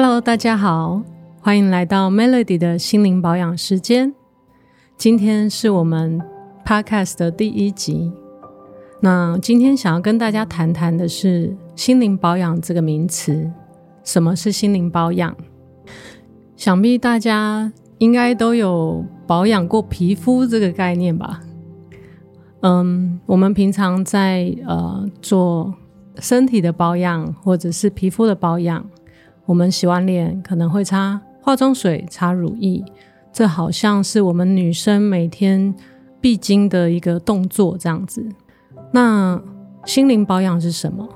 Hello，大家好，歡迎來到 Melody 的心靈保養時間。今天是我們 Podcast 的第一集。那今天想要跟大家談談的是“心靈保養”這個名詞。什麼是心靈保養？想必大家應該都有保養過皮膚這個概念吧？嗯，我們平常在呃做身體的保養或者是皮膚的保養。我們洗完臉可能會擦化妝水、擦乳液，這好像是我們女生每天必經的一個動作，這樣子。那心靈保養是什麼？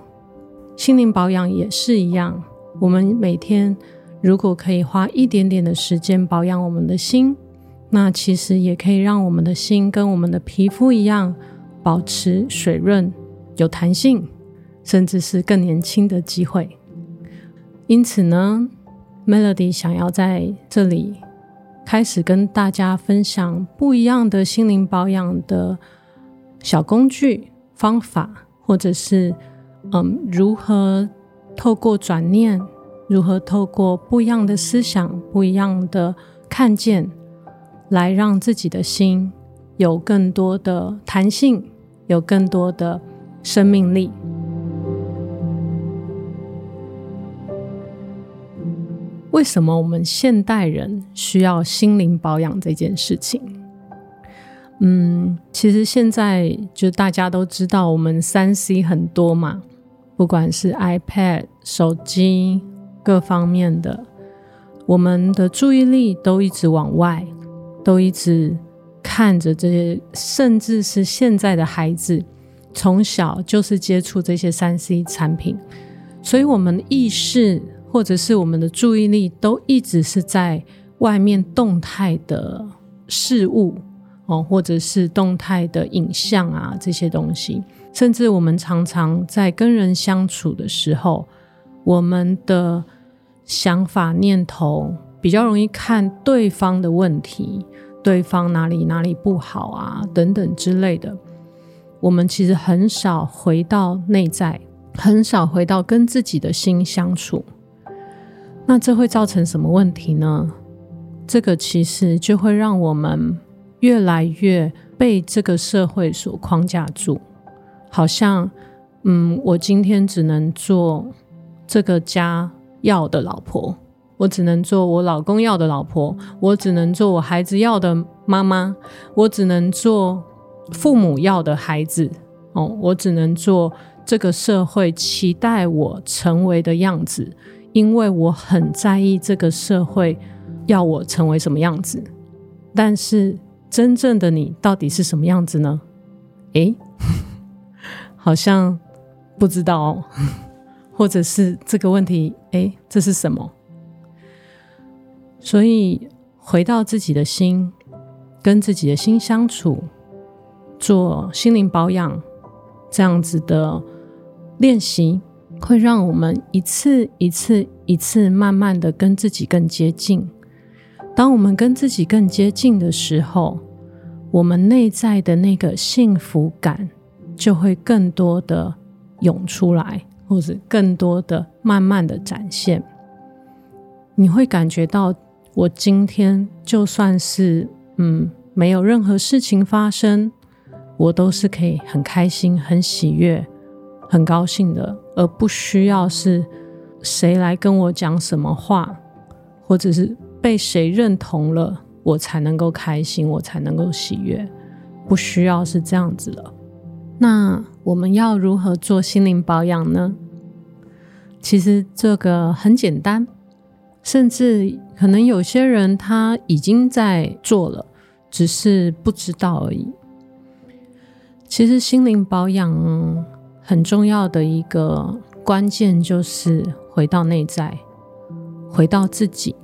心靈保養也是一樣，我們每天如果可以花一點點的時間保養我們的心，那其實也可以讓我們的心跟我們的皮膚一樣，保持水潤、有彈性，甚至是更年輕的機會。因此呢，Melody 想要在這裡開始跟大家分享不一樣的心靈保養的小工具、方法，或者是嗯，如何透過轉念，如何透過不一樣的思想、不一樣的看見，來讓自己的心有更多的彈性，有更多的生命力。為什麼我們現代人需要心靈保養這件事情？嗯，其實現在就大家都知道，我們三 C 很多嘛，不管是 iPad、手機各方面的，我們的注意力都一直往外，都一直看着這些，甚至是現在的孩子從小就是接觸這些三 C 產品，所以我們的意識。或者是我們的注意力都一直是在外面動態的事物哦，或者是動態的影像啊，這些東西，甚至我們常常在跟人相處的時候，我們的想法念頭比較容易看對方的問題，對方哪裡哪裡不好啊，等等之類的，我們其實很少回到內在，很少回到跟自己的心相處。那這會造成什麼問題呢？這個其實就會讓我們越來越被這個社會所框架住，好像，嗯，我今天只能做這個家要的老婆，我只能做我老公要的老婆，我只能做我孩子要的媽媽，我只能做父母要的孩子，哦，我只能做這個社會期待我成為的樣子。因為我很在意這個社會要我成為什麼樣子，但是真正的你到底是什麼樣子呢？哎，好像不知道哦，或者是這個問題，哎，這是什麼？所以回到自己的心，跟自己的心相處，做心靈保養這樣子的練習。會讓我們一次一次一次慢慢的跟自己更接近。當我們跟自己更接近的時候，我們內在的那個幸福感就會更多的湧出來，或者更多的慢慢的展現。你會感覺到，我今天就算是，嗯，沒有任何事情發生，我都是可以很開心、很喜悅。很高興的，而不需要是誰來跟我講什麼話，或者是被誰認同了，我才能夠開心，我才能夠喜悅，不需要是這樣子的。那我們要如何做心靈保養呢？其實這個很簡單，甚至可能有些人他已經在做了，只是不知道而已。其實心靈保養。很重要的一個關鍵就是回到內在，回到自己。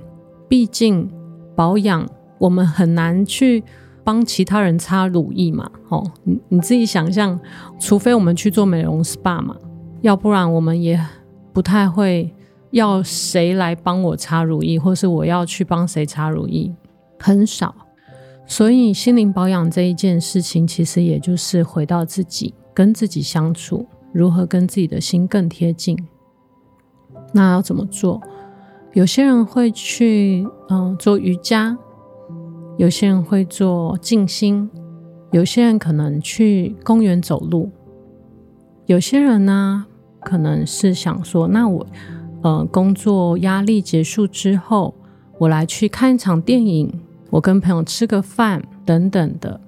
畢竟保養，我們很難去幫其他人擦乳液嘛。哦，你你自己想象，除非我們去做美容 SPA 嘛，要不然我們也不太會要誰來幫我擦乳液，或是我要去幫誰擦乳液，很少。所以，心靈保養這一件事情，其實也就是回到自己。跟自己相處，如何跟自己的心更貼近。那要怎麼做？有些人會去嗯做瑜伽，有些人會做靜心，有些人可能去公園走路。有些人呢，可能是想說，那我嗯工作壓力結束之後，我來去看一場電影，我跟朋友吃個飯等等的。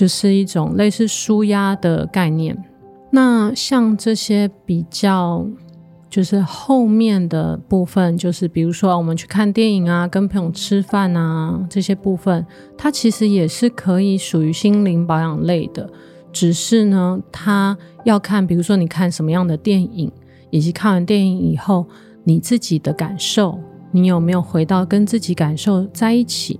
就是一種類似舒壓的概念。那像這些比較，就是後面的部分，就是比如說我們去看電影啊，跟朋友吃飯啊，這些部分，它其實也是可以屬於心靈保養類的。只是呢，它要看，比如說你看什麼樣的電影，以及看完電影以後，你自己的感受，你有沒有回到跟自己感受在一起。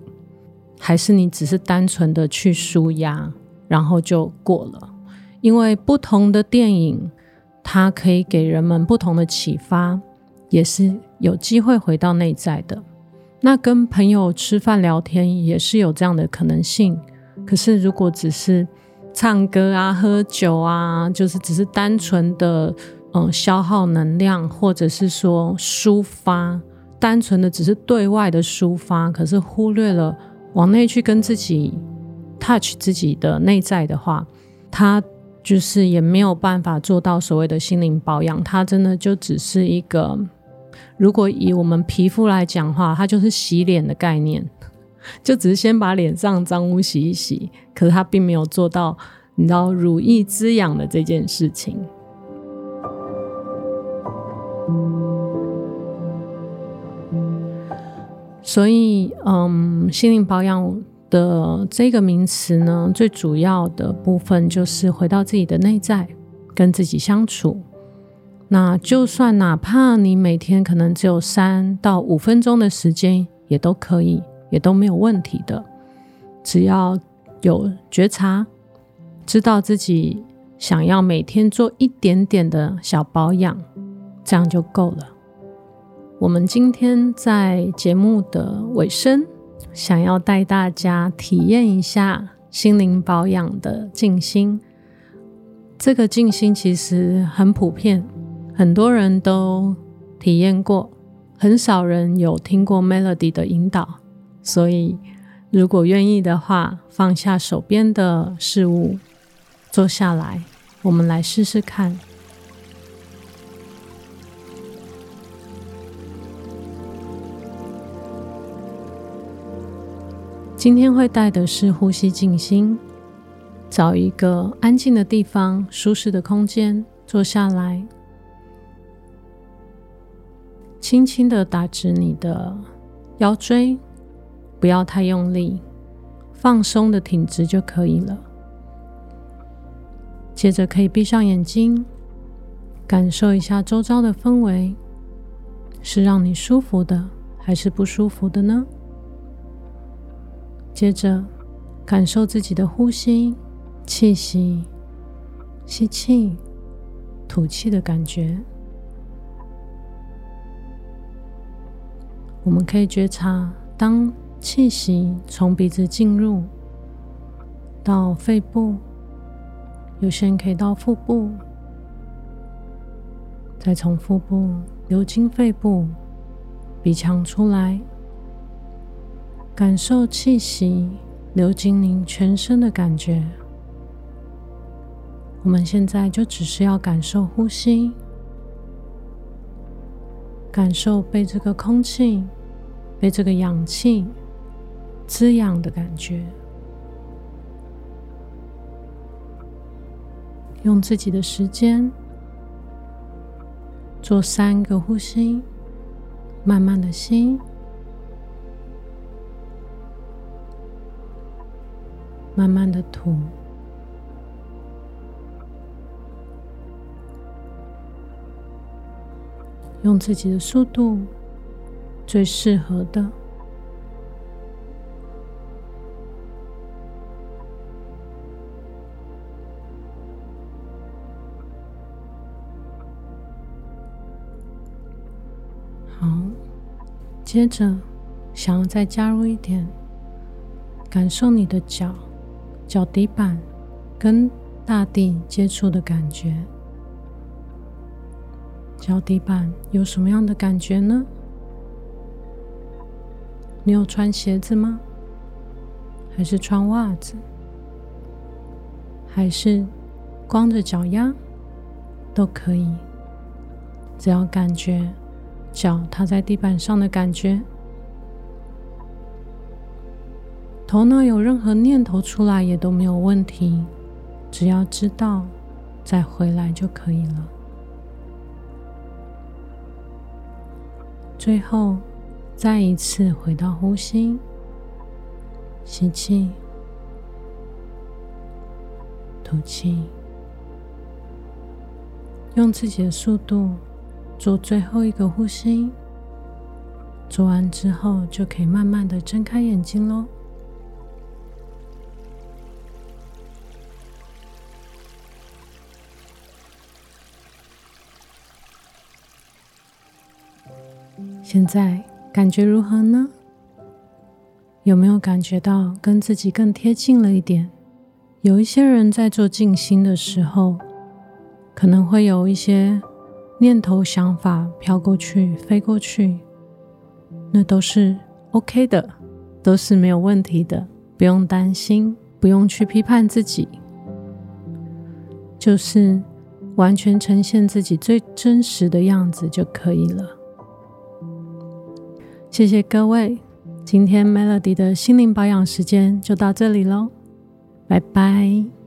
還是你只是單純的去紓壓，然後就過了。因為不同的電影，它可以給人們不同的啟發，也是有機會回到內在的。那跟朋友吃飯聊天也是有這樣的可能性。可是如果只是唱歌啊、喝酒啊，就是只是單純的嗯消耗能量，或者是說抒發，單純的只是對外的抒發，可是忽略了。往內去跟自己 touch 自己的內在的話，它就是也沒有辦法做到所謂的心靈保養。它真的就只是一個，如果以我們皮膚來講的話，它就是洗臉的概念，就只是先把臉上髒污洗一洗。可是它並沒有做到，你知道，乳液滋養的這件事情。所以，嗯，心靈保養的這個名詞呢，最主要的部分就是回到自己的內在，跟自己相處。那就算哪怕你每天可能只有三到五分鐘的時間，也都可以，也都沒有問題的。只要有覺察，知道自己想要每天做一點點的小保養，這樣就夠了。我們今天在節目的尾聲，想要帶大家體驗一下心靈保養的靜心。這個靜心其實很普遍，很多人都體驗過，很少人有聽過 Melody 的引導。所以，如果願意的話，放下手邊的事物，坐下來，我們來試試看。今天會帶的是呼吸靜心，找一個安靜的地方，舒適的空間，坐下來，輕輕的打直你的腰椎，不要太用力，放鬆的挺直就可以了。接着可以閉上眼睛，感受一下周遭的氛圍，是讓你舒服的，還是不舒服的呢？接着，感受自己的呼吸、氣息、吸氣、吐氣的感覺。我們可以覺察，當氣息從鼻子進入到肺部，有些人可以到腹部，再從腹部流經肺部，鼻腔出來。感受氣息流進您全身的感覺。我們現在就只是要感受呼吸，感受被這個空氣、被這個氧氣滋養的感覺。用自己的時間做三個呼吸，慢慢的吸。慢慢的吐，用自己的速度，最適合的。好，接着，想要再加入一點，感受你的腳。腳底板跟大地接觸的感覺，腳底板有什麼樣的感覺呢？你有穿鞋子嗎？還是穿襪子？還是光着腳丫？都可以，只要感覺腳踏在地板上的感覺。頭腦有任何念頭出來也都沒有問題，只要知道再回來就可以了。最後再一次回到呼吸，吸氣，吐氣，用自己的速度做最後一個呼吸。做完之後就可以慢慢地睜開眼睛嘍。現在感覺如何呢？有沒有感覺到跟自己更貼近了一點？有一些人在做靜心的時候，可能會有一些念頭、想法飄過去、飛過去，那都是 OK 的，都是沒有問題的，不用擔心，不用去批判自己，就是完全呈現自己最真實的樣子就可以了。謝謝各位，今天 Melody 的心靈保養時間就到這裡嘍，拜拜。